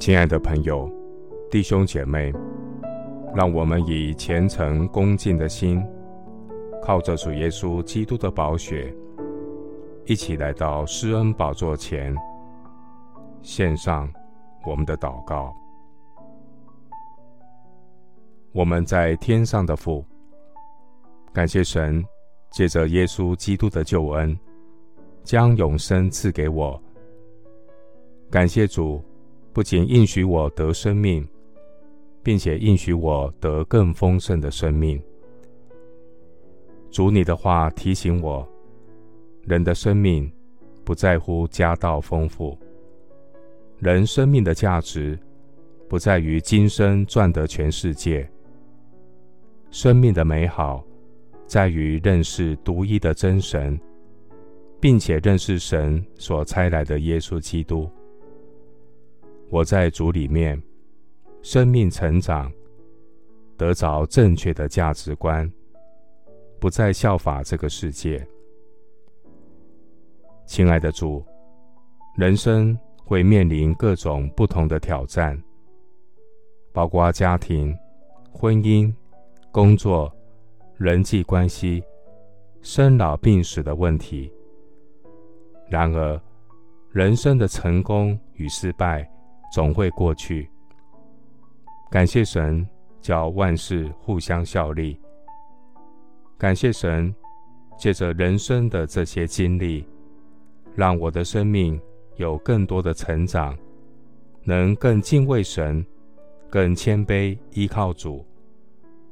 親愛的朋友、弟兄姐妹，讓我們以虔誠恭敬的心，靠着主耶穌基督的寶血，一起來到施恩寶座前，獻上我們的禱告。我們在天上的父，感謝神，借着耶穌基督的救恩。將永生賜給我，感謝主，不僅應許我得生命，並且應許我得更豐盛的生命。主，你的話提醒我，人的生命不在乎家道豐富，人生命的價值不在於今生賺得全世界，生命的美好在於認識獨一的真神。並且認識神所差來的耶穌基督。我在主裡面，生命成長，得着正確的價值觀，不再效法這個世界。親愛的主，人生會面臨各種不同的挑戰，包括家庭、婚姻、工作、人際關係、生老病死的問題。然而，人生的成功與失敗總會過去。感謝神，叫萬事互相效力。感謝神，借着人生的這些經歷，讓我的生命有更多的成長，能更敬畏神，更謙卑依靠主，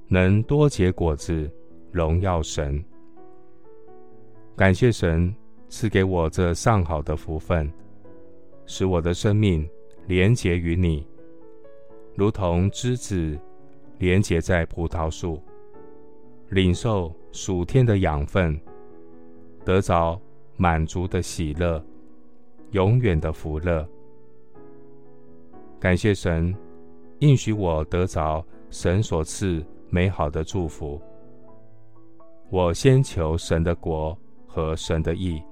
能多結果子，榮耀神。感謝神。賜給我這上好的福分，使我的生命連結於你，如同枝子連結在葡萄樹，領受屬天的養分，得着滿足的喜樂，永遠的福樂。感謝神，應許我得着神所賜美好的祝福。我先求神的國和神的義。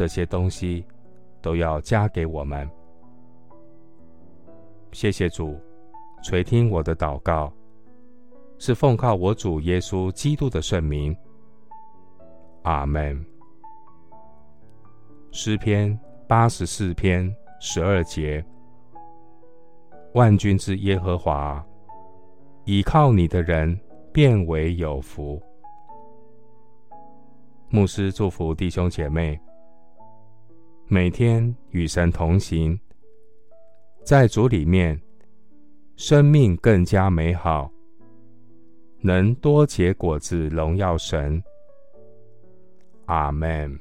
這些東西都要加給我們。謝謝主，垂聽我的禱告，是奉靠我主耶穌基督的聖名。阿門。詩篇八十四篇十二節：萬軍之耶和華倚靠你的人，便為有福。牧師祝福弟兄姐妹。每天與神同行，在主裡面，生命更加美好，能多結果子，榮耀神。阿門。